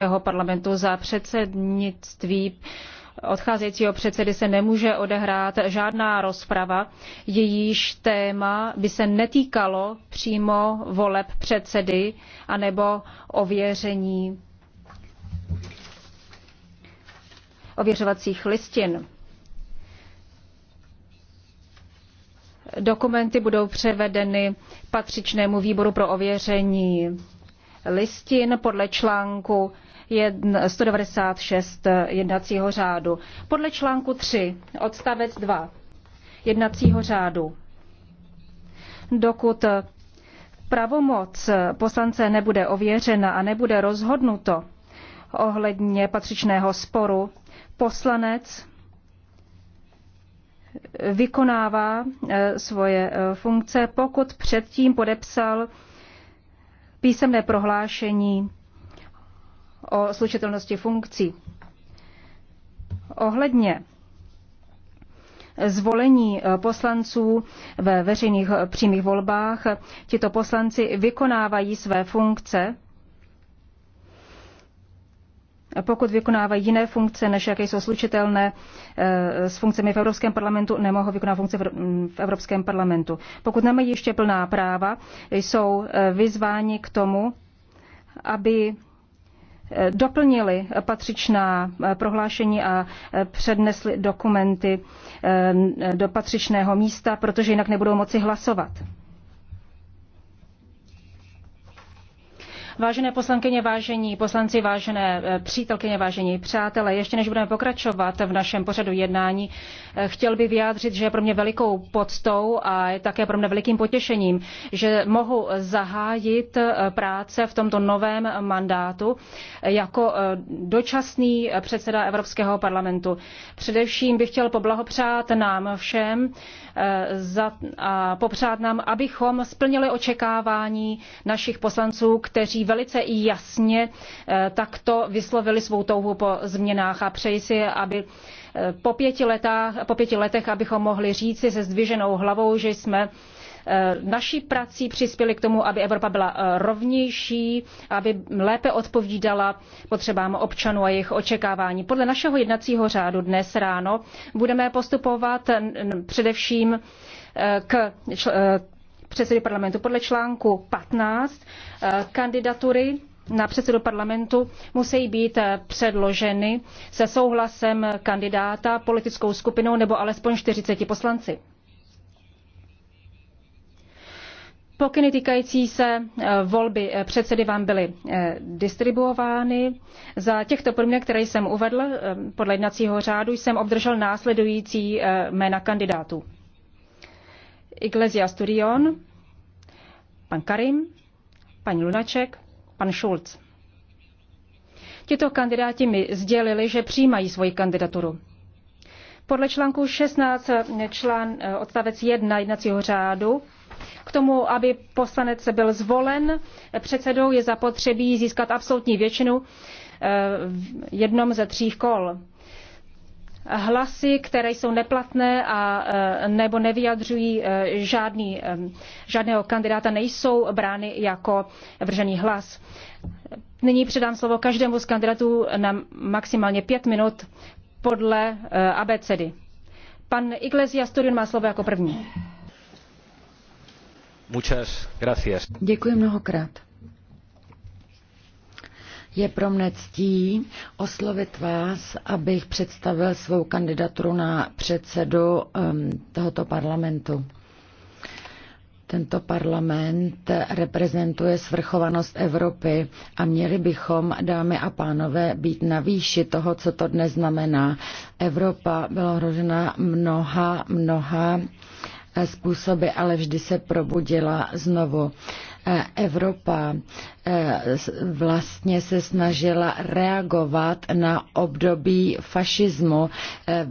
Evropského parlamentu za předsednictví odcházejícího předsedy se nemůže odehrát žádná rozprava, jejíž téma by se netýkalo přímo voleb předsedy anebo ověření ověřovacích listin. Dokumenty budou převedeny patřičnému výboru pro ověření listin podle článku 196 jednacího řádu. Podle článku 3 odstavec 2 jednacího řádu, dokud pravomoc poslance nebude ověřena a nebude rozhodnuto ohledně patřičného sporu, poslanec vykonává eh, svoje eh, funkce, pokud předtím podepsal písemné prohlášení o slučitelnosti funkcí. Ohledně zvolení eh, poslanců ve veřejných eh, přímých volbách. Tito poslanci vykonávají své funkce, pokud vykonávají jiné funkce, než jaké jsou slučitelné eh, s funkcemi v Evropském parlamentu, nemohou vykonávat funkce v mm, Evropském parlamentu. Pokud nemají ještě plná práva, jsou vyzváni k tomu, aby doplnili patřičná eh, prohlášení a eh, přednesli dokumenty eh, do patřičného místa, protože jinak nebudou moci hlasovat. Vážené poslankyně, vážení poslanci, vážené eh, přítelkyně, vážení přátelé, ještě než budeme pokračovat v našem pořadu jednání, eh, chtěl bych vyjádřit, že je pro mě velikou poctou a je také pro mě velikým potěšením, že mohu zahájit eh, práce v tomto novém mandátu jako dočasný předseda Evropského parlamentu. Především bych chtěl poblahopřát nám všem za, a popřát nám, abychom splnili očekávání našich poslanců, kteří velice jasně eh, takto vyslovili svou touhu po změnách a přeji si, aby eh, po pěti, letách, po pěti letech, abychom mohli říci se zdviženou hlavou, že jsme eh, naší prací přispěli k tomu, aby Evropa byla rovnější, aby lépe odpovídala potřebám občanů a jejich očekávání. Podle našeho jednacího řádu dnes ráno budeme postupovat především k předsedy parlamentu. Podle článku 15 eh, kandidatury na předsedu parlamentu musí být eh, předloženy se souhlasem kandidáta politickou skupinou nebo alespoň 40 poslanci. Pokyny týkající se eh, volby předsedy vám byly distribuovány. Za těchto podmínek, které jsem uvedl podle jednacího řádu, jsem obdržel následující jména kandidátů. Iglesias Turion, pan Karim, paní Lunaček, pan Schulz. Tito kandidáti mi sdělili, že přijímají svoji kandidaturu. Podle článku 16 člán eh, odstavec 1 jednacího řádu k tomu, aby poslanec byl zvolen předsedou, je zapotřebí získat absolutní většinu eh, v jednom ze tří kol hlasy, které jsou neplatné a e, nebo nevyjadřují e, žádný, e, žádného kandidáta, nejsou brány jako vržený hlas. Nyní předám slovo každému z kandidátů na maximálně pět minut podle abecedy. Pan Iglesias Turion má slovo jako první. Muchas gracias. Děkuji mnohokrát. Je pro mne ctí oslovit vás, abych představil svou kandidaturu na předsedu um, tohoto parlamentu. Tento parlament reprezentuje svrchovanost Evropy a měli bychom, dámy a pánové, být na výši toho, co to dnes znamená. Evropa byla hrožena mnoha, mnoha eh, způsoby, ale vždy se probudila znovu. Evropa eh, vlastně se snažila reagovat na období fašismu, eh,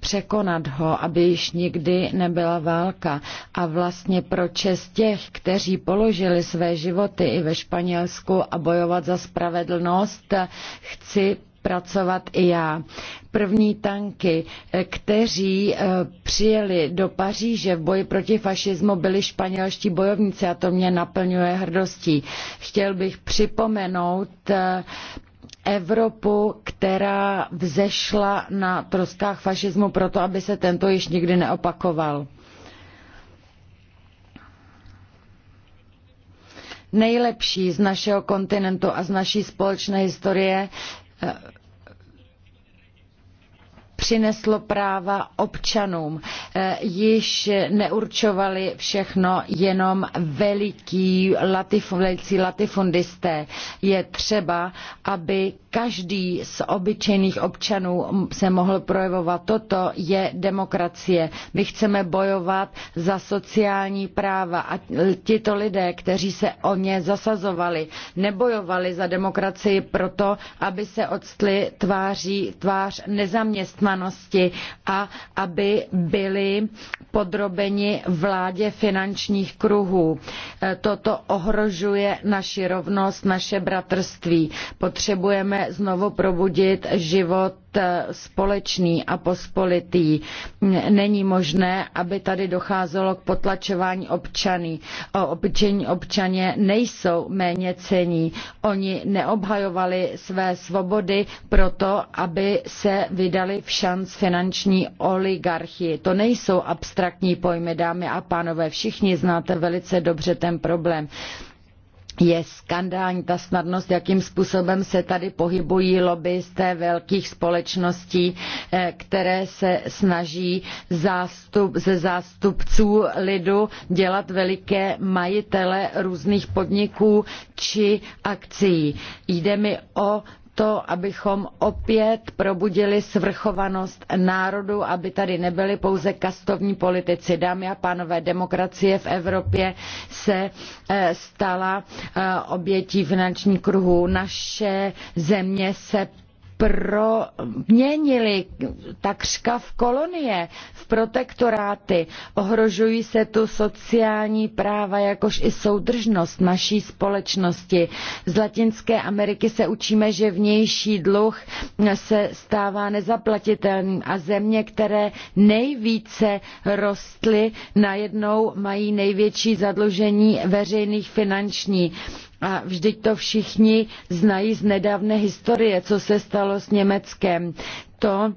překonat ho, aby již nikdy nebyla válka. A vlastně pro čest těch, kteří položili své životy i ve Španělsku a bojovat za spravedlnost, chci pracovat i já. První tanky, eh, kteří eh, přijeli do Paříže v boji proti fašismu, byli španělští bojovníci a to mě naplňuje hrdostí. Chtěl bych připomenout eh, Evropu, která vzešla na troskách fašismu proto, aby se tento již nikdy neopakoval. Nejlepší z našeho kontinentu a z naší společné historie přineslo práva občanům. Eh, již neurčovali všechno jenom veliký latifundici, latifundisté. Je třeba, aby každý z obyčejných občanů se mohl projevovat. Toto je demokracie. My chceme bojovat za sociální práva a tito lidé, kteří se o ně zasazovali, nebojovali za demokracii proto, aby se odstli tváří tvář nezaměstnanosti zaměstnanosti a aby byli podrobeni vládě finančních kruhů. E, toto ohrožuje naši rovnost, naše bratrství. Potřebujeme znovu probudit život Eh, společný a pospolitý. Není možné, aby tady docházelo k potlačování občany. Občení občaně nejsou méně cení. Oni neobhajovali své svobody proto, aby se vydali v šanc finanční oligarchii. To nejsou abstraktní pojmy, dámy a pánové. Všichni znáte velice dobře ten problém je skandální ta snadnost, jakým způsobem se tady pohybují lobbyisté velkých společností, eh, které se snaží zástup, ze zástupců lidu dělat veliké majitele různých podniků či akcí. Jde mi o to, abychom opět probudili svrchovanost národu, aby tady nebyli pouze kastovní politici. Dámy a pánové, demokracie v Evropě se eh, stala eh, obětí finančních kruhů. Naše země se proměnili takřka v kolonie, v protektoráty. Ohrožují se tu sociální práva, jakož i soudržnost naší společnosti. Z Latinské Ameriky se učíme, že vnější dluh se stává nezaplatitelným a země, které nejvíce rostly, najednou mají největší zadlužení veřejných finanční a vždyť to všichni znají z nedávné historie, co se stalo s Německem. To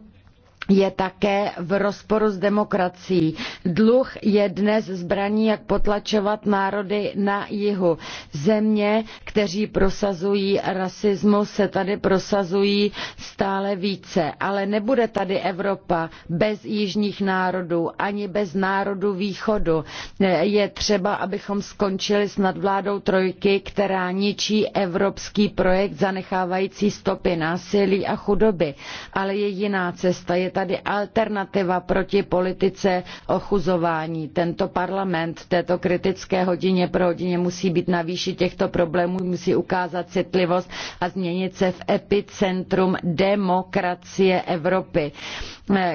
je také v rozporu s demokracií. Dluh je dnes zbraní, jak potlačovat národy na jihu. Země, kteří prosazují rasismus, se tady prosazují stále více. Ale nebude tady Evropa bez jižních národů, ani bez národů východu. Je třeba, abychom skončili s nadvládou trojky, která ničí evropský projekt zanechávající stopy násilí a chudoby. Ale je jiná cesta. Je tady alternativa proti politice ochuzování. Tento parlament v této kritické hodině pro hodině musí být na výši těchto problémů, musí ukázat citlivost a změnit se v epicentrum demokracie Evropy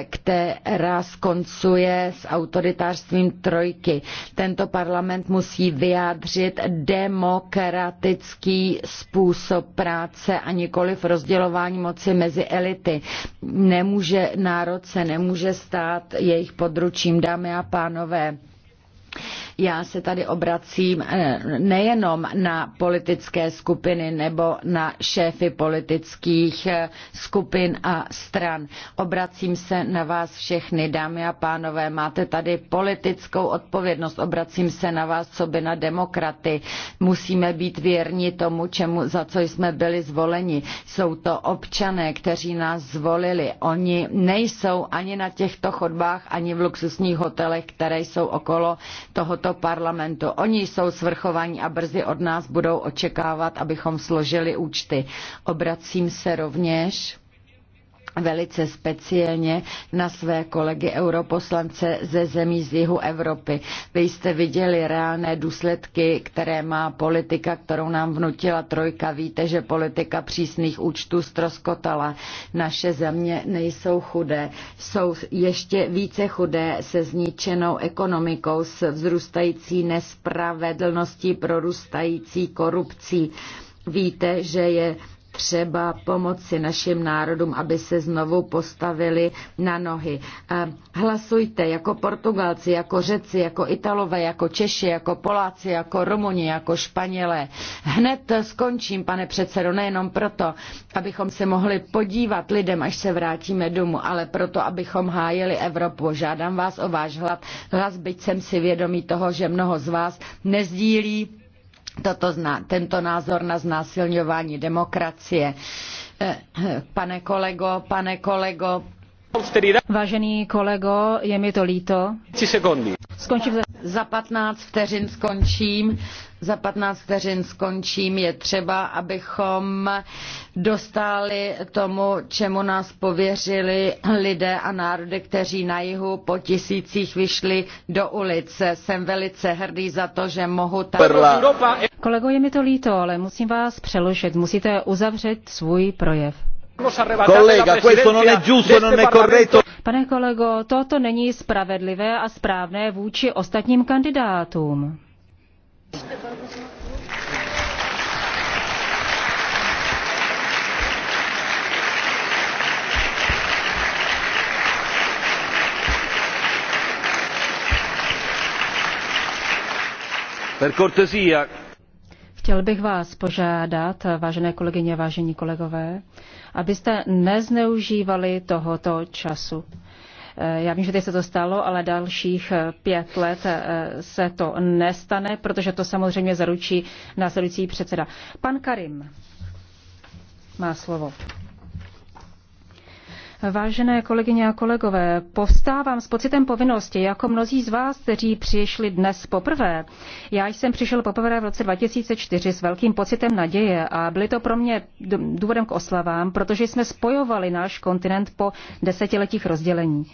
která skoncuje s autoritářstvím trojky. Tento parlament musí vyjádřit demokratický způsob práce a nikoliv rozdělování moci mezi elity. Nemůže na národ se nemůže stát jejich područím. Dámy a pánové, já se tady obracím eh, nejenom na politické skupiny nebo na šéfy politických eh, skupin a stran. Obracím se na vás všechny, dámy a pánové. Máte tady politickou odpovědnost. Obracím se na vás, co by na demokraty. Musíme být věrni tomu, čemu, za co jsme byli zvoleni. Jsou to občané, kteří nás zvolili. Oni nejsou ani na těchto chodbách, ani v luxusních hotelech, které jsou okolo tohoto tohoto parlamentu. Oni jsou svrchovaní a brzy od nás budou očekávat, abychom složili účty. Obracím se rovněž velice speciálně na své kolegy europoslance ze zemí z jihu Evropy. Vy jste viděli reálné důsledky, které má politika, kterou nám vnutila trojka. Víte, že politika přísných účtů stroskotala. Naše země nejsou chudé, jsou ještě více chudé se zničenou ekonomikou, s vzrůstající nespravedlností, prorůstající korupcí. Víte, že je třeba pomoci našim národům, aby se znovu postavili na nohy. Hlasujte jako Portugalci, jako Řeci, jako Italové, jako Češi, jako Poláci, jako Rumuni, jako Španělé. Hned skončím, pane předsedo, nejenom proto, abychom se mohli podívat lidem, až se vrátíme domů, ale proto, abychom hájili Evropu. Žádám vás o váš hlas, hlas byť jsem si vědomý toho, že mnoho z vás nezdílí toto tento názor na znásilňování demokracie. Eh, eh, pane kolego, pane kolego. Vážený kolego, je mi to líto. Skončím za 15 vteřin skončím. Za 15 vteřin skončím. Je třeba, abychom dostali tomu, čemu nás pověřili lidé a národy, kteří na jihu po tisících vyšli do ulice. Jsem velice hrdý za to, že mohu tak... Kolego, je mi to líto, ale musím vás přeložit. Musíte uzavřet svůj projev. Kolega, questo non è giusto, non è corretto. Pane kolego, toto není spravedlivé a správné vůči ostatním kandidátům. Per cortesia, Chtěl bych vás požádat, vážené kolegyně, vážení kolegové, abyste nezneužívali tohoto času. Eh, já vím, že teď se to stalo, ale dalších eh, pět let eh, se to nestane, protože to samozřejmě zaručí následující předseda. Pan Karim má slovo. Vážené kolegyně a kolegové, povstávám s pocitem povinnosti, jako mnozí z vás, kteří přišli dnes poprvé. Já jsem přišel poprvé v roce 2004 s velkým pocitem naděje a byly to pro mě důvodem k oslavám, protože jsme spojovali náš kontinent po desetiletích rozdělení.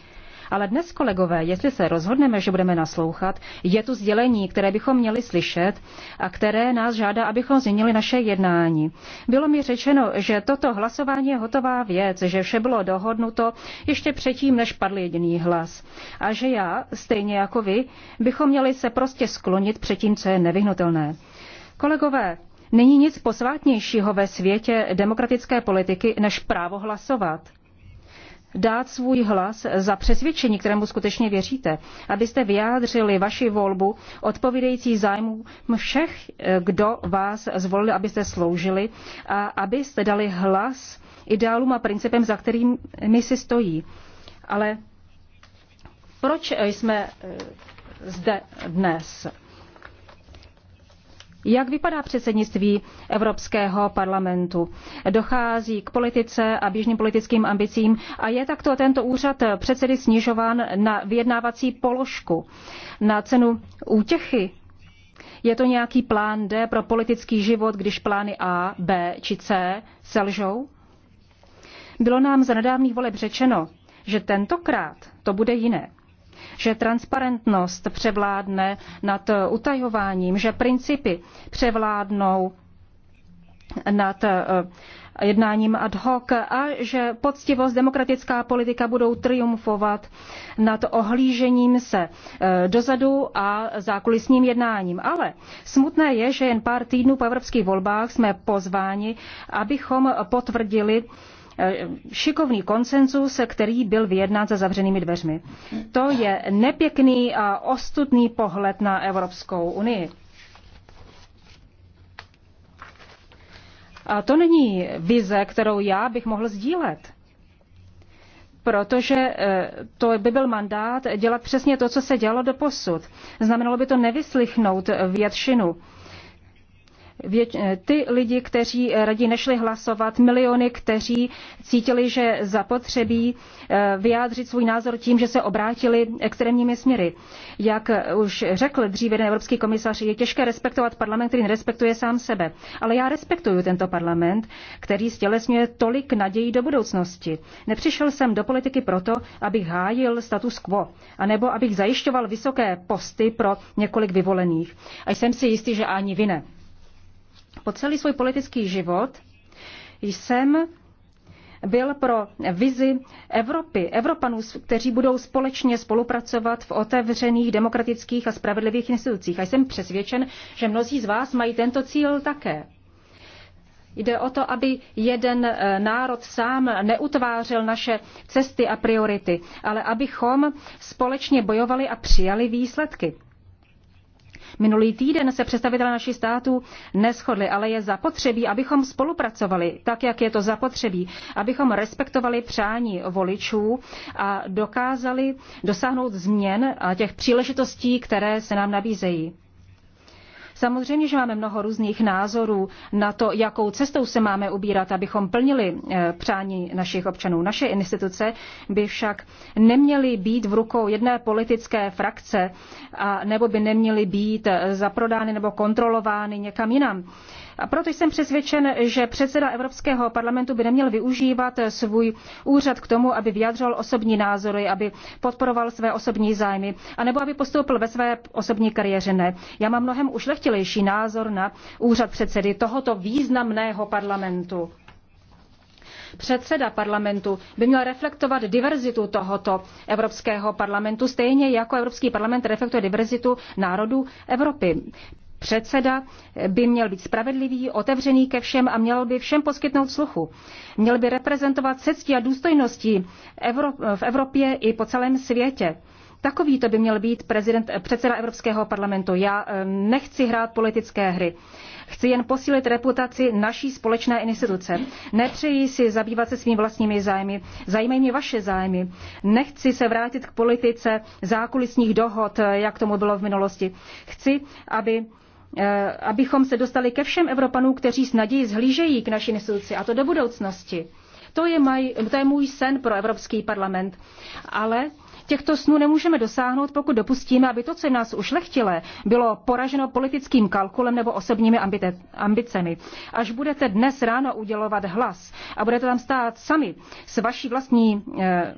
Ale dnes, kolegové, jestli se rozhodneme, že budeme naslouchat, je tu sdělení, které bychom měli slyšet a které nás žádá, abychom změnili naše jednání. Bylo mi řečeno, že toto hlasování je hotová věc, že vše bylo dohodnuto ještě předtím, než padl jediný hlas. A že já, stejně jako vy, bychom měli se prostě sklonit před tím, co je nevyhnutelné. Kolegové, není nic posvátnějšího ve světě demokratické politiky než právo hlasovat dát svůj hlas za přesvědčení, kterému skutečně věříte, abyste vyjádřili vaši volbu odpovídající zájmu všech, eh, kdo vás zvolili, abyste sloužili a abyste dali hlas ideálům a principem, za kterými si stojí. Ale proč jsme eh, zde dnes? Jak vypadá předsednictví Evropského parlamentu? Dochází k politice a běžným politickým ambicím a je takto tento úřad předsedy snižován na vyjednávací položku, na cenu útěchy? Je to nějaký plán D pro politický život, když plány A, B či C selžou? Bylo nám za nedávných voleb řečeno, že tentokrát to bude jiné že transparentnost převládne nad utajováním, že principy převládnou nad eh, jednáním ad hoc a že poctivost, demokratická politika budou triumfovat nad ohlížením se eh, dozadu a zákulisním jednáním. Ale smutné je, že jen pár týdnů po evropských volbách jsme pozváni, abychom potvrdili Eh, šikovný konsenzus, který byl vyjednán za zavřenými dveřmi. To je nepěkný a ostudný pohled na Evropskou unii. A to není vize, kterou já bych mohl sdílet protože eh, to by byl mandát dělat přesně to, co se dělo do posud. Znamenalo by to nevyslychnout většinu Eh, ty lidi, kteří eh, raději nešli hlasovat, miliony, kteří cítili, že zapotřebí eh, vyjádřit svůj názor tím, že se obrátili extrémními směry. Jak už řekl dříve jeden evropský komisař, je těžké respektovat parlament, který nerespektuje sám sebe. Ale já respektuju tento parlament, který stělesňuje tolik nadějí do budoucnosti. Nepřišel jsem do politiky proto, abych hájil status quo, anebo abych zajišťoval vysoké posty pro několik vyvolených. A jsem si jistý, že ani vy ne. Po celý svůj politický život jsem byl pro vizi Evropy, Evropanů, kteří budou společně spolupracovat v otevřených, demokratických a spravedlivých institucích. A jsem přesvědčen, že mnozí z vás mají tento cíl také. Jde o to, aby jeden eh, národ sám neutvářel naše cesty a priority, ale abychom společně bojovali a přijali výsledky. Minulý týden se představitelé našich států neschodli, ale je zapotřebí, abychom spolupracovali tak, jak je to zapotřebí, abychom respektovali přání voličů a dokázali dosáhnout změn a těch příležitostí, které se nám nabízejí. Samozřejmě, že máme mnoho různých názorů na to, jakou cestou se máme ubírat, abychom plnili eh, přání našich občanů. Naše instituce by však neměly být v rukou jedné politické frakce a nebo by neměly být eh, zaprodány nebo kontrolovány někam jinam. A proto jsem přesvědčen, že předseda Evropského parlamentu by neměl využívat svůj úřad k tomu, aby vyjadřoval osobní názory, aby podporoval své osobní zájmy, anebo aby postoupil ve své osobní kariéře. Ne. Já mám mnohem ušlechtilejší názor na úřad předsedy tohoto významného parlamentu předseda parlamentu by měl reflektovat diverzitu tohoto Evropského parlamentu, stejně jako Evropský parlament reflektuje diverzitu národů Evropy. Předseda by měl být spravedlivý, otevřený ke všem a měl by všem poskytnout sluchu. Měl by reprezentovat cestí a důstojností v Evropě i po celém světě. Takový to by měl být prezident, předseda Evropského parlamentu. Já eh, nechci hrát politické hry. Chci jen posílit reputaci naší společné instituce. Nepřeji si zabývat se svými vlastními zájmy. Zajímají mě vaše zájmy. Nechci se vrátit k politice zákulisních dohod, eh, jak tomu bylo v minulosti. Chci, aby Eh, abychom se dostali ke všem Evropanům, kteří s naději zhlížejí k naší instituci, a to do budoucnosti. To je, maj, to je můj sen pro Evropský parlament. Ale těchto snů nemůžeme dosáhnout, pokud dopustíme, aby to, co je nás ušlechtilé, bylo poraženo politickým kalkulem nebo osobními ambicemi. Až budete dnes ráno udělovat hlas a budete tam stát sami s vaší vlastní eh,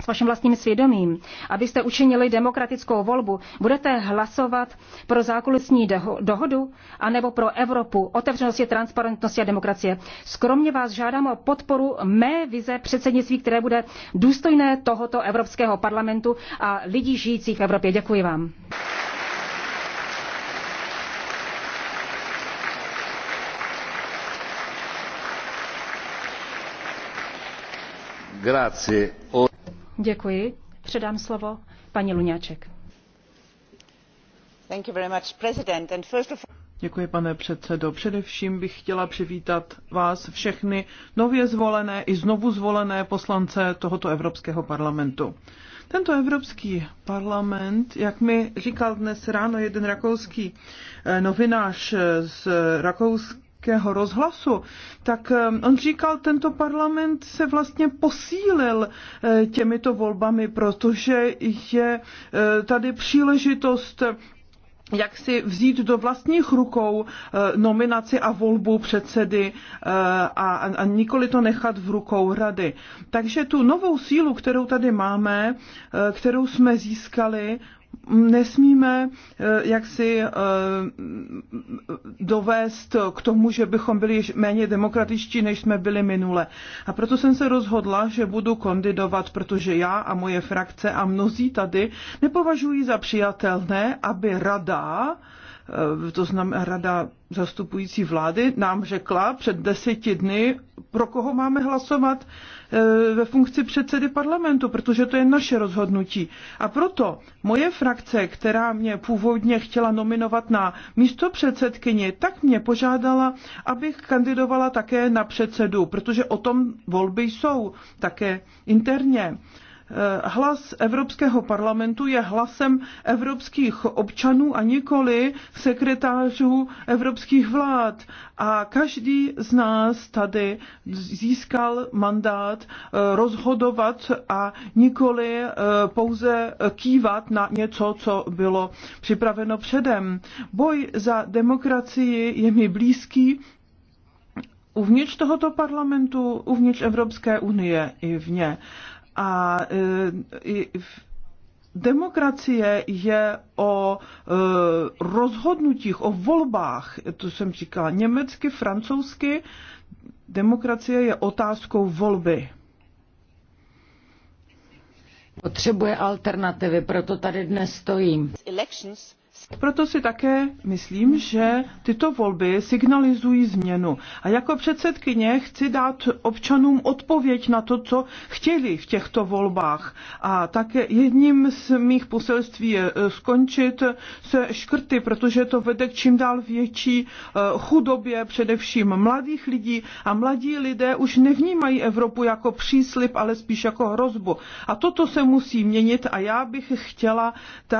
s vaším vlastním svědomím, abyste učinili demokratickou volbu, budete hlasovat pro zákulisní dohodu anebo pro Evropu otevřenosti, transparentnosti a demokracie. Skromně vás žádám o podporu mé vize předsednictví, které bude důstojné tohoto Evropského parlamentu a lidí žijících v Evropě. Děkuji vám. Grazie. Děkuji. Předám slovo paní Luňáček. Děkuji, pane předsedo. Především bych chtěla přivítat vás všechny nově zvolené i znovu zvolené poslance tohoto Evropského parlamentu. Tento Evropský parlament, jak mi říkal dnes ráno jeden rakouský eh, novinář z Rakouska, Českého rozhlasu, tak eh, on říkal, tento parlament se vlastně posílil eh, těmito volbami, protože je eh, tady příležitost jak si vzít do vlastních rukou nominaci a volbu předsedy a, a nikoli to nechat v rukou rady. Takže tu novou sílu, kterou tady máme, kterou jsme získali, nesmíme eh, jak si eh, dovést k tomu, že bychom byli méně demokratičtí, než jsme byli minule. A proto jsem se rozhodla, že budu kandidovat, protože já a moje frakce a mnozí tady nepovažují za přijatelné, aby rada Eh, to znamená rada zastupující vlády, nám řekla před deseti dny, pro koho máme hlasovat eh, ve funkci předsedy parlamentu, protože to je naše rozhodnutí. A proto moje frakce, která mě původně chtěla nominovat na místo předsedkyni, tak mě požádala, abych kandidovala také na předsedu, protože o tom volby jsou také interně. Eh, hlas Evropského parlamentu je hlasem evropských občanů a nikoli sekretářů evropských vlád. A každý z nás tady získal mandát eh, rozhodovat a nikoli eh, pouze kývat na něco, co bylo připraveno předem. Boj za demokracii je mi blízký, uvnitř tohoto parlamentu, uvnitř Evropské unie i vně. A e, demokracie je o e, rozhodnutích, o volbách, to jsem říkala německy, francouzsky. Demokracie je otázkou volby. Potřebuje alternativy, proto tady dnes stojím. Proto si také myslím, že tyto volby signalizují změnu. A jako předsedkyně chci dát občanům odpověď na to, co chtěli v těchto volbách. A také jedním z mých poselství je e, skončit se škrty, protože to vede k čím dál větší e, chudobě, především mladých lidí. A mladí lidé už nevnímají Evropu jako příslip, ale spíš jako hrozbu. A toto se musí měnit a já bych chtěla,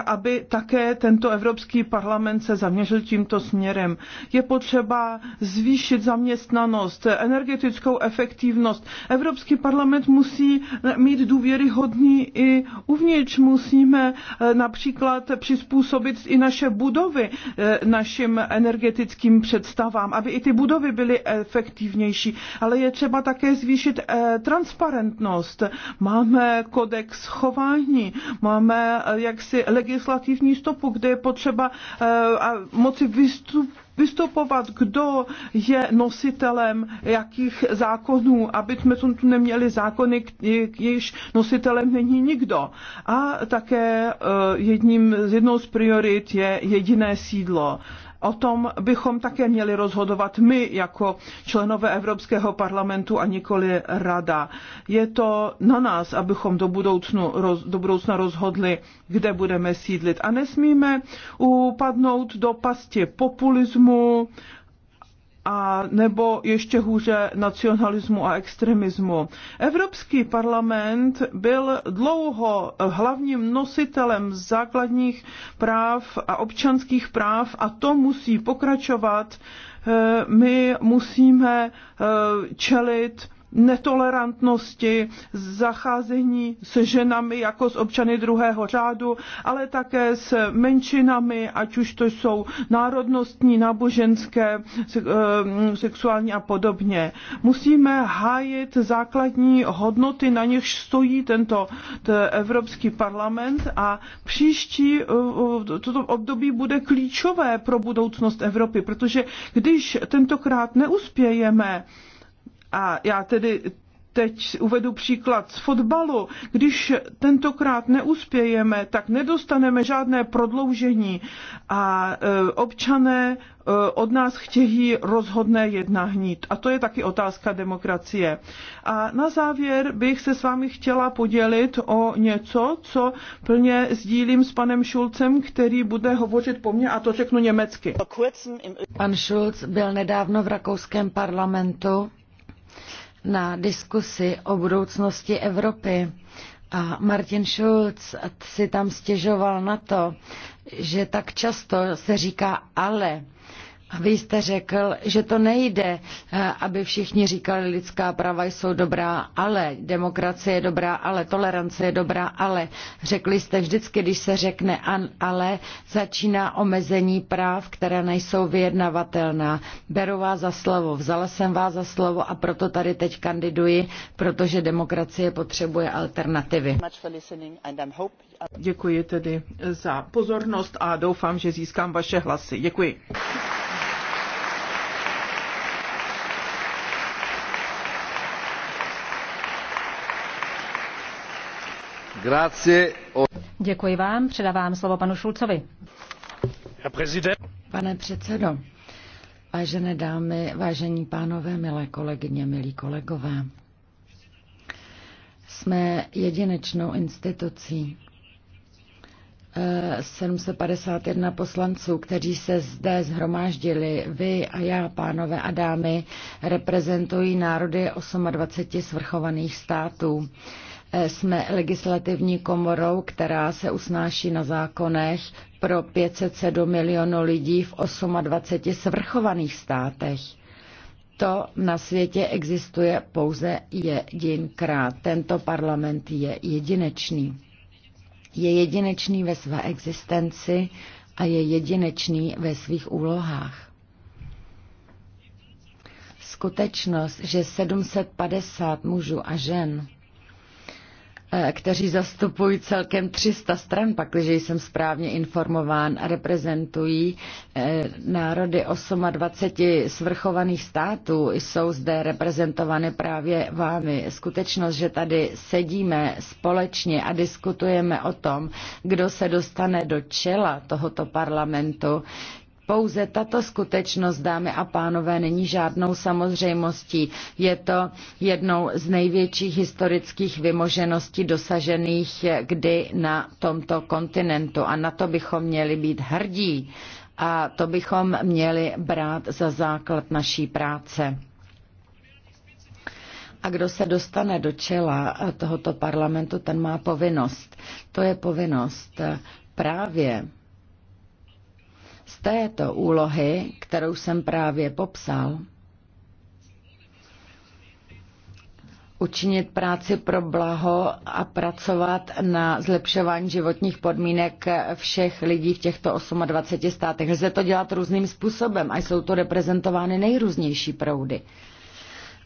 aby také tento evropský Evropský parlament se zaměřil tímto směrem. Je potřeba zvýšit zaměstnanost, energetickou efektivnost. Evropský parlament musí mít důvěryhodný i uvnitř. Musíme eh, například přizpůsobit i naše budovy eh, našim energetickým představám, aby i ty budovy byly efektivnější. Ale je třeba také zvýšit eh, transparentnost. Máme kodex chování, máme jaksi legislativní stopu, kde je potřeba třeba eh, moci vystupovat vystupovat, kdo je nositelem jakých zákonů, aby jsme tu neměli zákony, jejichž nositelem není nikdo. A také eh, jedním, jednou z priorit je jediné sídlo. O tom bychom také měli rozhodovat my jako členové Evropského parlamentu a nikoli rada. Je to na nás, abychom do, budoucnu, roz, do budoucna rozhodli, kde budeme sídlit. A nesmíme upadnout do pasti populismu, a nebo ještě hůře nacionalismu a extremismu. Evropský parlament byl dlouho hlavním nositelem základních práv a občanských práv a to musí pokračovat. Eh, my musíme eh, čelit netolerantnosti, zacházení se ženami jako s občany druhého řádu, ale také s menšinami, ať už to jsou národnostní, náboženské, eh, sexuální a podobně. Musíme hájit základní hodnoty, na něž stojí tento Evropský parlament a příští eh, eh, toto období bude klíčové pro budoucnost Evropy, protože když tentokrát neuspějeme, a já tedy Teď uvedu příklad z fotbalu. Když tentokrát neuspějeme, tak nedostaneme žádné prodloužení a e, občané e, od nás chtějí rozhodné jednání. A to je taky otázka demokracie. A na závěr bych se s vámi chtěla podělit o něco, co plně sdílím s panem Šulcem, který bude hovořit po mně a to řeknu německy. Pan Šulc byl nedávno v rakouském parlamentu na diskusi o budoucnosti Evropy. A Martin Schulz si tam stěžoval na to, že tak často se říká ale vy jste řekl, že to nejde, eh, aby všichni říkali, lidská práva jsou dobrá, ale demokracie je dobrá, ale tolerance je dobrá, ale řekli jste vždycky, když se řekne an, ale, začíná omezení práv, které nejsou vyjednavatelná. Beru vás za slovo, vzala jsem vás za slovo a proto tady teď kandiduji, protože demokracie potřebuje alternativy. Děkuji tedy za pozornost a doufám, že získám vaše hlasy. Děkuji. Děkuji vám, předávám slovo panu Šulcovi. Pane předsedo, vážené dámy, vážení pánové, milé kolegyně, milí kolegové, jsme jedinečnou institucí, 751 eh, poslanců, kteří se zde zhromáždili, vy a já, pánové a dámy, reprezentují národy 28 svrchovaných států. Jsme legislativní komorou, která se usnáší na zákonech pro 507 milionů lidí v 28 svrchovaných státech. To na světě existuje pouze jedinkrát. Tento parlament je jedinečný. Je jedinečný ve své existenci a je jedinečný ve svých úlohách skutečnost, že 750 mužů a žen Eh, kteří zastupují celkem 300 stran, pakliže jsem správně informován, a reprezentují eh, národy 28 svrchovaných států, jsou zde reprezentovány právě vámi. Skutečnost, že tady sedíme společně a diskutujeme o tom, kdo se dostane do čela tohoto parlamentu, pouze tato skutečnost, dámy a pánové, není žádnou samozřejmostí. Je to jednou z největších historických vymožeností dosažených kdy na tomto kontinentu. A na to bychom měli být hrdí. A to bychom měli brát za základ naší práce. A kdo se dostane do čela tohoto parlamentu, ten má povinnost. To je povinnost právě z této úlohy, kterou jsem právě popsal, učinit práci pro blaho a pracovat na zlepšování životních podmínek všech lidí v těchto 28 státech. Lze to dělat různým způsobem a jsou to reprezentovány nejrůznější proudy.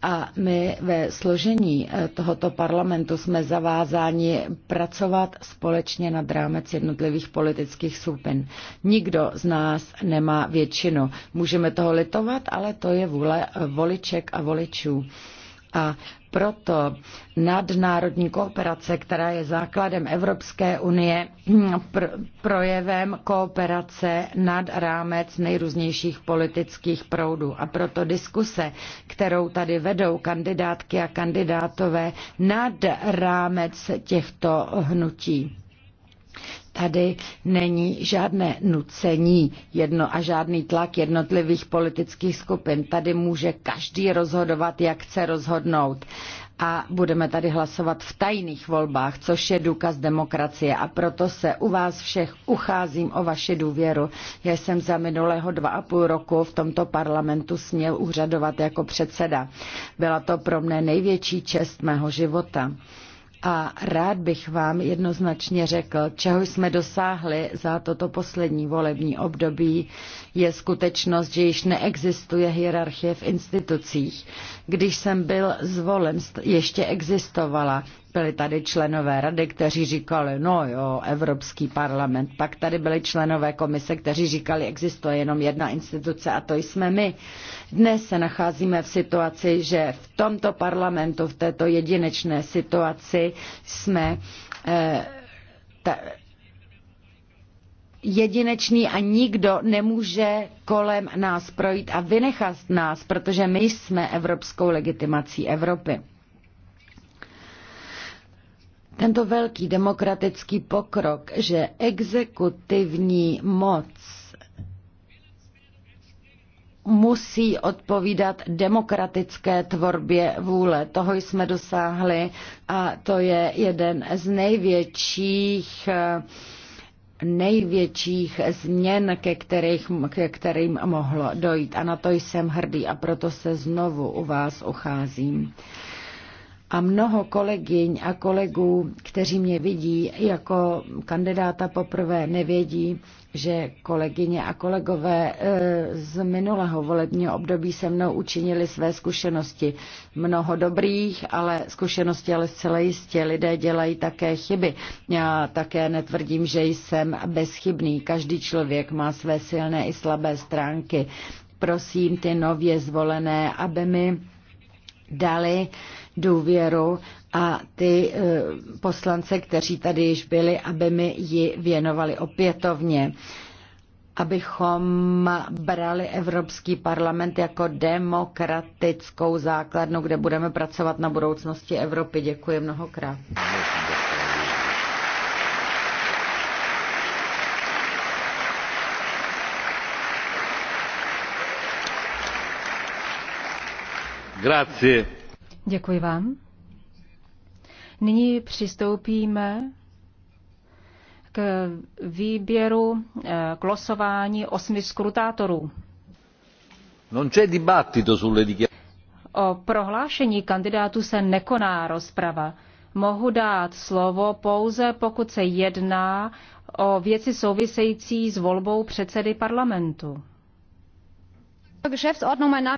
A my ve složení eh, tohoto parlamentu jsme zavázáni pracovat společně nad rámec jednotlivých politických skupin. Nikdo z nás nemá většinu. Můžeme toho litovat, ale to je vůle eh, voliček a voličů. A proto nadnárodní kooperace, která je základem Evropské unie, projevem kooperace nad rámec nejrůznějších politických proudů. A proto diskuse, kterou tady vedou kandidátky a kandidátové nad rámec těchto hnutí. Tady není žádné nucení jedno a žádný tlak jednotlivých politických skupin. Tady může každý rozhodovat, jak chce rozhodnout a budeme tady hlasovat v tajných volbách, což je důkaz demokracie a proto se u vás všech ucházím o vaši důvěru. Já jsem za minulého dva a půl roku v tomto parlamentu směl úřadovat jako předseda. Byla to pro mne největší čest mého života. A rád bych vám jednoznačně řekl, čeho jsme dosáhli za toto poslední volební období, je skutečnost, že již neexistuje hierarchie v institucích. Když jsem byl zvolen, ještě existovala byli tady členové rady, kteří říkali, no jo, Evropský parlament. Pak tady byli členové komise, kteří říkali, existuje jenom jedna instituce a to jsme my. Dnes se nacházíme v situaci, že v tomto parlamentu, v této jedinečné situaci jsme eh, ta, jedinečný a nikdo nemůže kolem nás projít a vynechat nás, protože my jsme evropskou legitimací Evropy tento velký demokratický pokrok, že exekutivní moc musí odpovídat demokratické tvorbě vůle. Toho jsme dosáhli a to je jeden z největších největších změn, ke, kterých, ke kterým mohlo dojít. A na to jsem hrdý a proto se znovu u vás ucházím a mnoho kolegyň a kolegů, kteří mě vidí jako kandidáta poprvé, nevědí, že kolegyně a kolegové eh, z minulého volebního období se mnou učinili své zkušenosti. Mnoho dobrých, ale zkušenosti, ale zcela jistě lidé dělají také chyby. Já také netvrdím, že jsem bezchybný. Každý člověk má své silné i slabé stránky. Prosím ty nově zvolené, aby mi dali uh, důvěru a ty eh, poslance, kteří tady již byli, aby mi ji věnovali opětovně abychom brali Evropský parlament jako demokratickou základnu, kde budeme pracovat na budoucnosti Evropy. Děkuji mnohokrát. Grazie. Děkuji vám. Nyní přistoupíme k výběru, eh, k losování osmi skrutátorů. Non c'è dibattito sulle O prohlášení kandidátu se nekoná rozprava. Mohu dát slovo pouze, pokud se jedná o věci související s volbou předsedy parlamentu.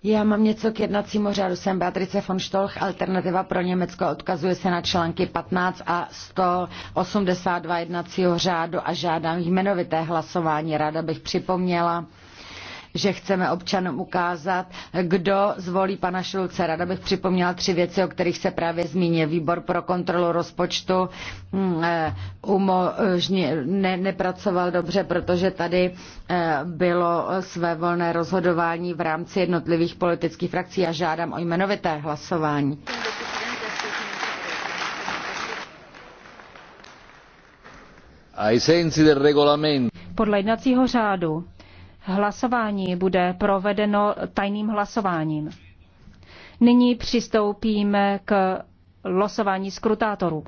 Já mám něco k jednacímu řádu. Jsem Beatrice von Stolch. Alternativa pro Německo odkazuje se na články 15 a 182 jednacího řádu a žádám jmenovité hlasování. Ráda bych připomněla, že chceme občanům ukázat, kdo zvolí pana Šulce. Rada bych připomněla tři věci, o kterých se právě zmínil. Výbor pro kontrolu rozpočtu hm, eh, umožni, ne, nepracoval dobře, protože tady eh, bylo své volné rozhodování v rámci jednotlivých politických frakcí a žádám o jmenovité hlasování. Podle jednacího řádu Hlasování bude provedeno tajným hlasováním. Nyní přistoupíme k losování skrutátorů.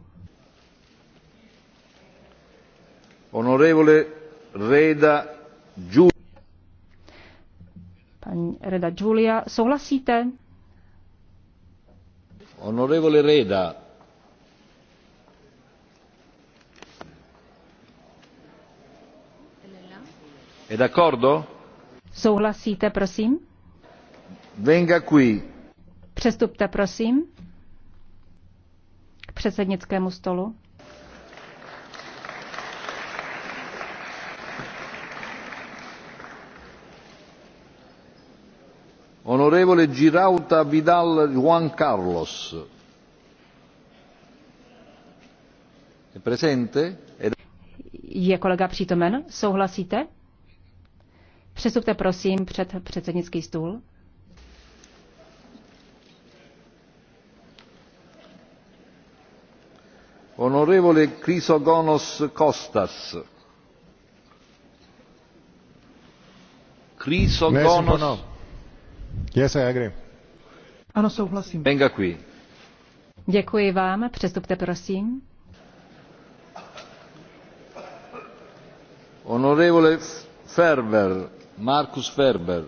Honorevole Reda Giulia. Paní Reda Giulia, souhlasíte? Honorevole Reda, È d'accordo? Souhlasíte, prosím? Venga qui. Přestupte, prosím, k předsednickému stolu. Honorevole Girauta Vidal Juan Carlos. Je presente? Je kolega přítomen? Souhlasíte? Přestupte prosím před předsednický stůl. Honorevole Chrysogonos Kostas. Chrysogonos. Yes, I agree. Ano, souhlasím. Venga qui. Děkuji vám. Přestupte prosím. Honorevole Ferber. Markus Ferber.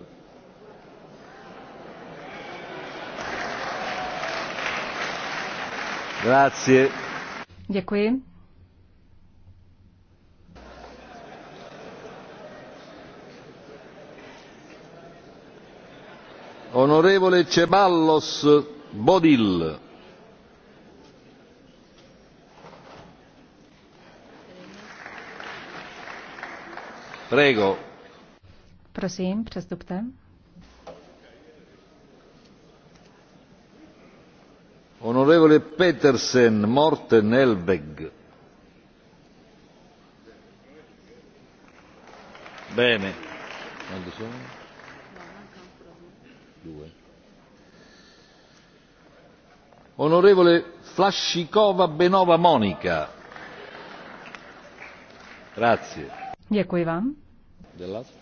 Grazie. Děkuji. Onorevole Ceballos Bodil. Prego. Prosím, přestupte. Honorevole Petersen, Morten Elbeg. Bene. Quanti sono? Due. Onorevole Flascicova Benova Monica. Grazie. Děkuji vám. Dell'altro.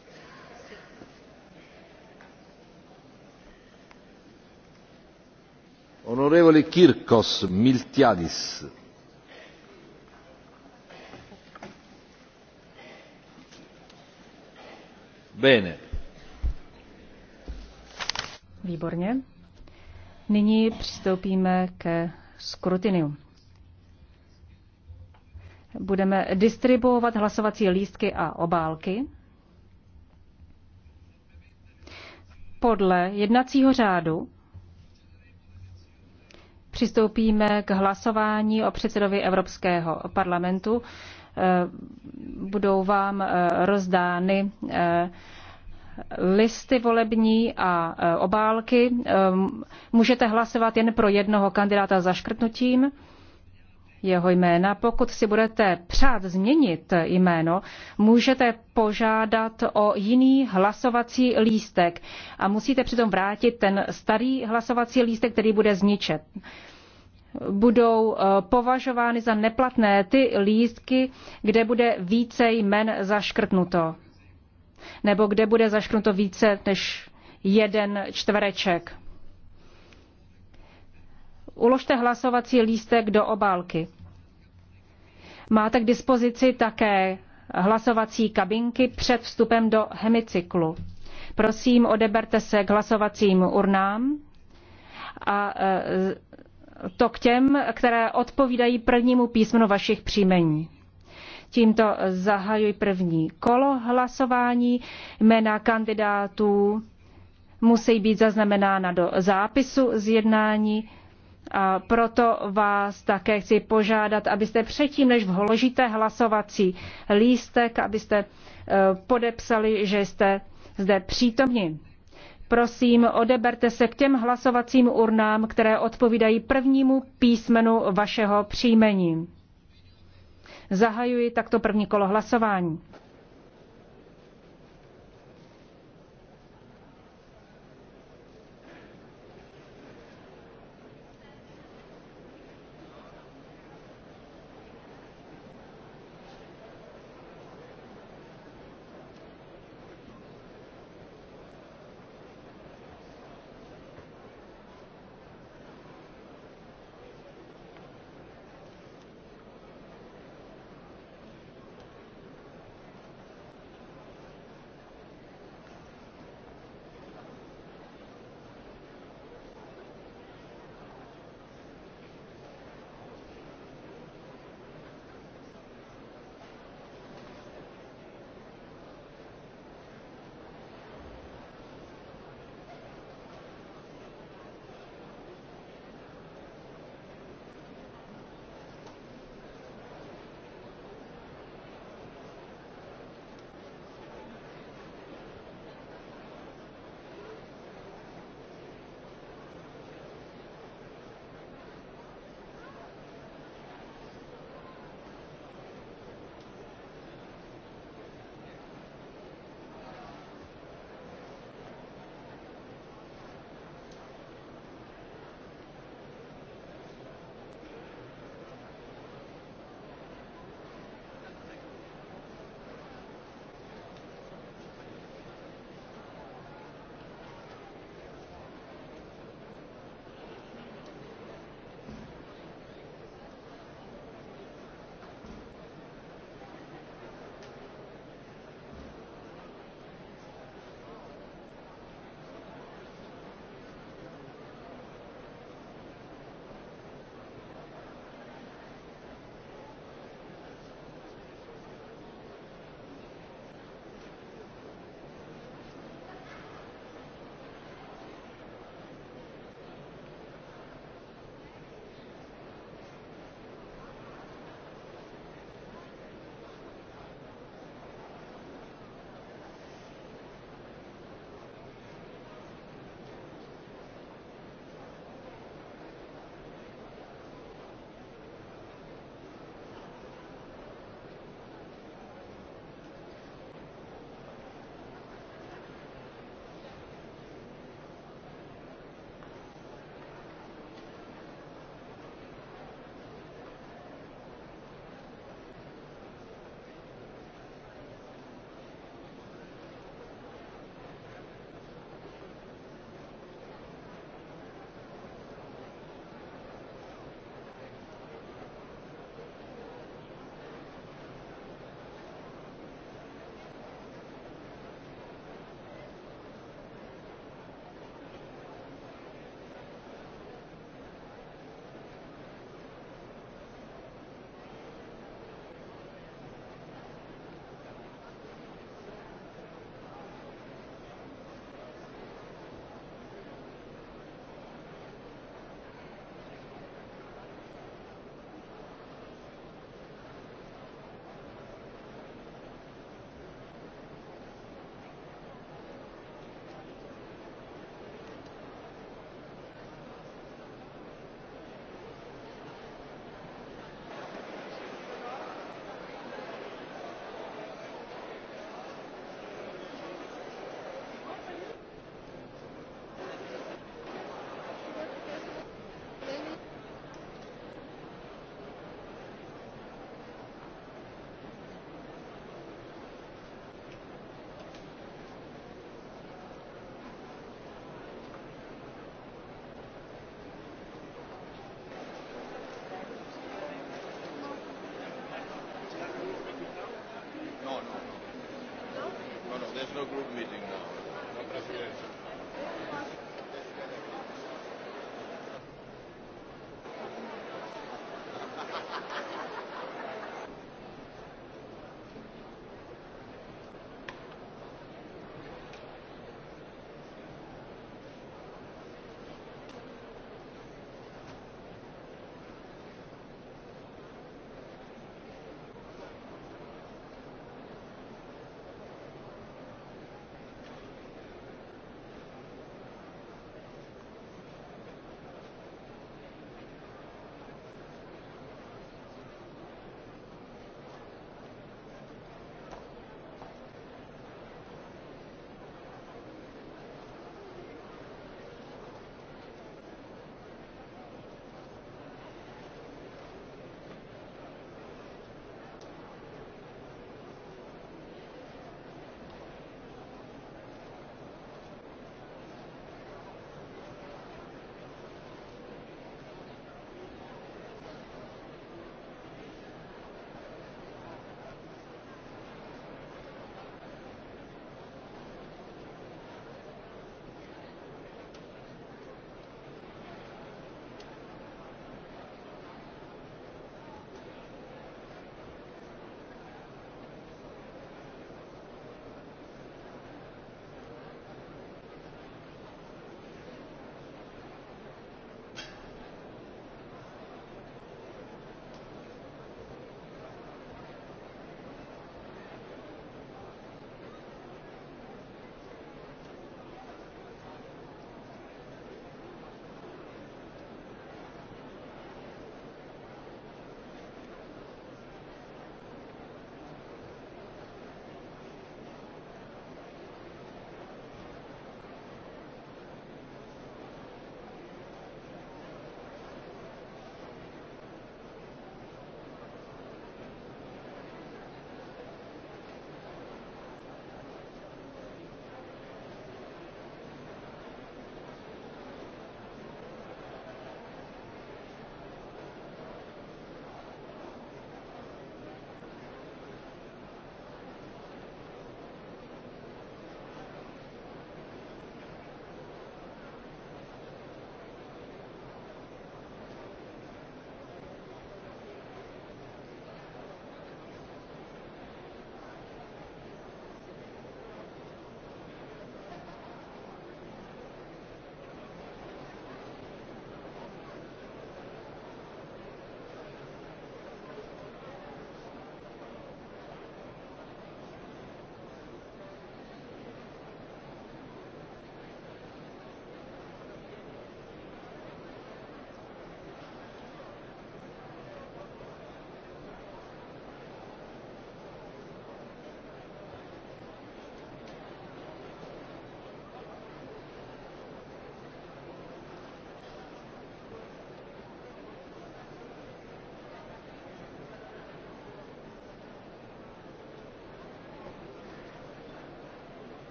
Miltiadis. Výborně. Nyní přistoupíme ke skrutiniu. Budeme distribuovat hlasovací lístky a obálky. Podle jednacího řádu přistoupíme k hlasování o předsedovi Evropského parlamentu. Eh, budou vám eh, rozdány eh, listy volební a obálky. Můžete hlasovat jen pro jednoho kandidáta za škrtnutím jeho jména. Pokud si budete přát změnit jméno, můžete požádat o jiný hlasovací lístek a musíte přitom vrátit ten starý hlasovací lístek, který bude zničen. Budou eh, považovány za neplatné ty lístky, kde bude více jmen zaškrtnuto. Nebo kde bude zaškrtnuto více než jeden čtvereček uložte hlasovací lístek do obálky. Máte k dispozici také hlasovací kabinky před vstupem do hemicyklu. Prosím, odeberte se k hlasovacím urnám a e, to k těm, které odpovídají prvnímu písmenu vašich příjmení. Tímto zahajuji první kolo hlasování. Jména kandidátů musí být zaznamenána do zápisu z jednání. A proto vás také chci požádat, abyste předtím, než vložíte hlasovací lístek, abyste e, podepsali, že jste zde přítomni. Prosím, odeberte se k těm hlasovacím urnám, které odpovídají prvnímu písmenu vašeho příjmení. Zahajuji takto první kolo hlasování.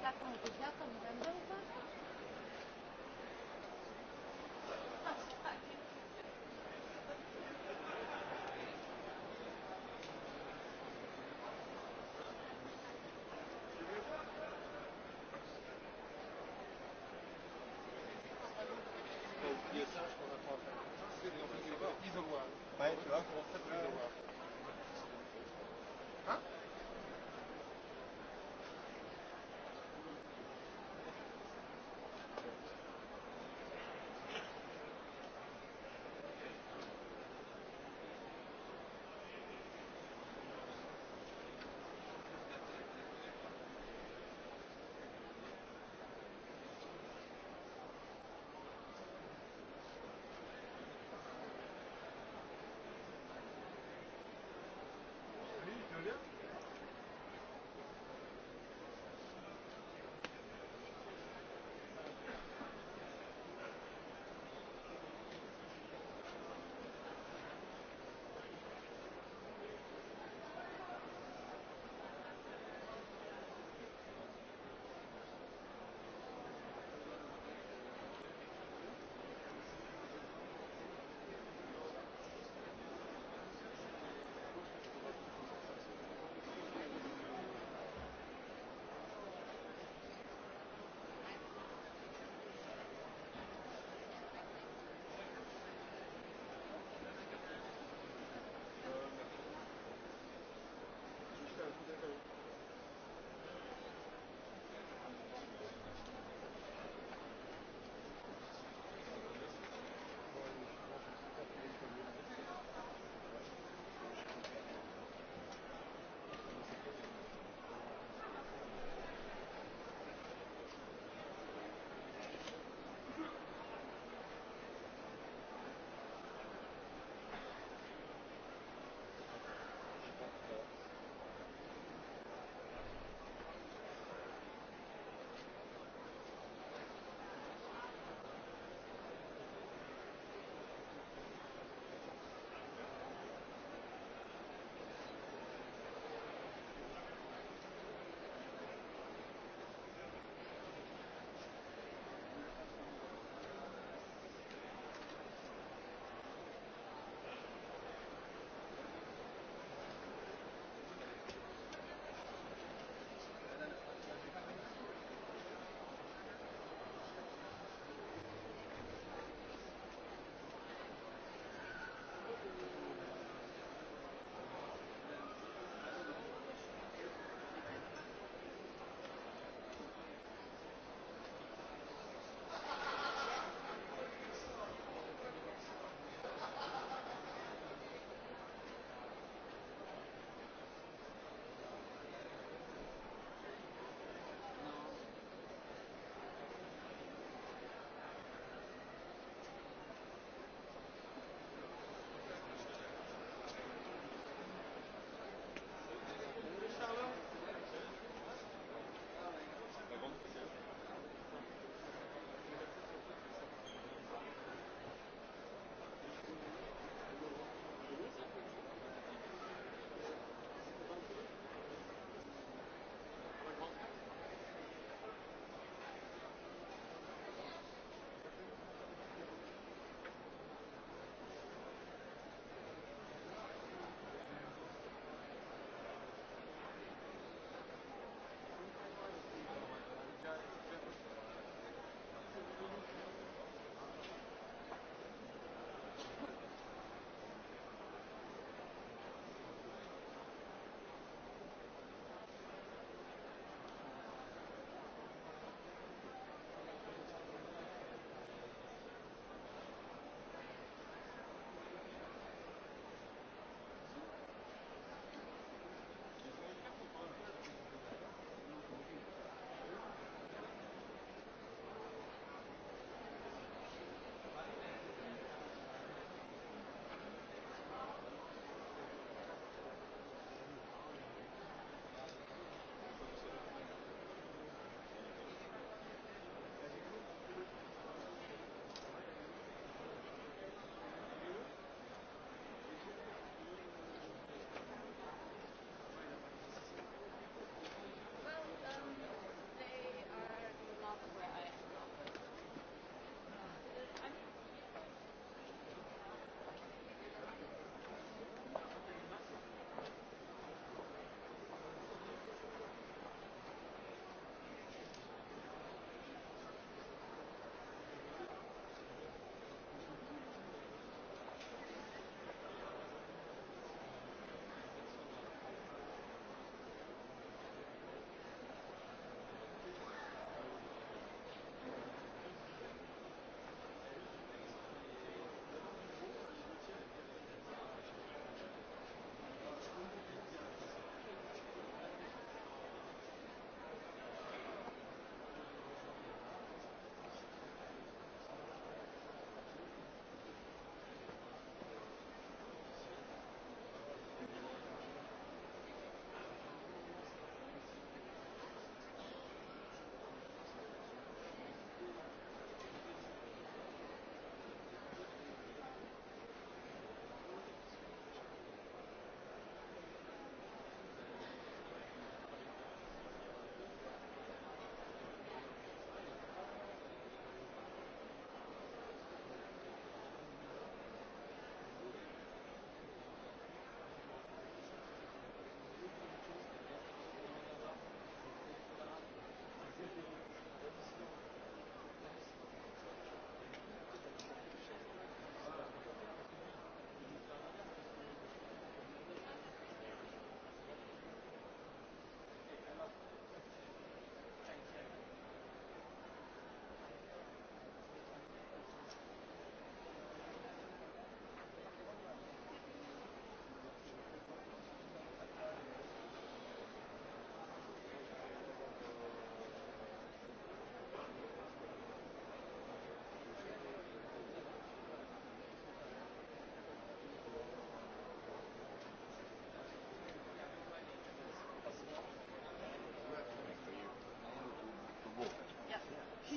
Zakon to zakon, remember what? Ouais, tu vois. Hein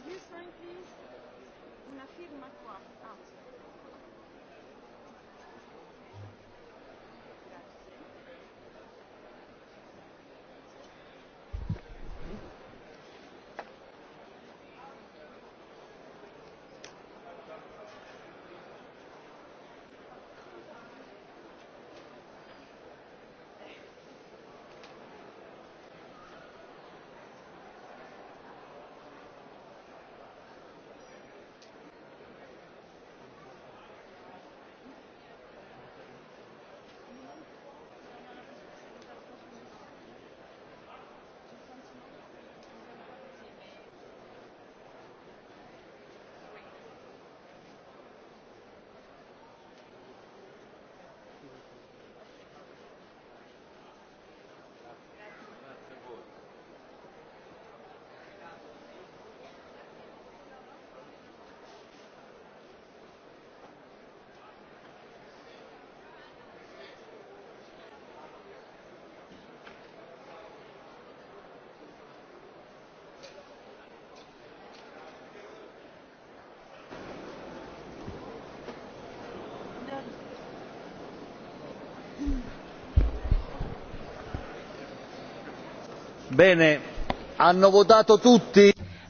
this one, please, una firma qua. Ah.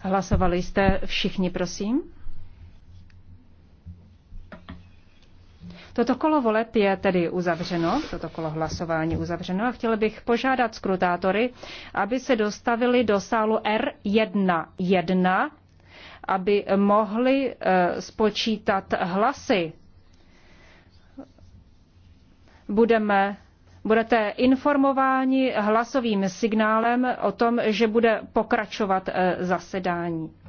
Hlasovali jste všichni, prosím? Toto kolo voleb je tedy uzavřeno, toto kolo hlasování uzavřeno a chtěl bych požádat skrutátory, aby se dostavili do sálu R11, aby mohli eh, spočítat hlasy. Budeme budete informováni hlasovým signálem o tom, že bude pokračovat eh, zasedání.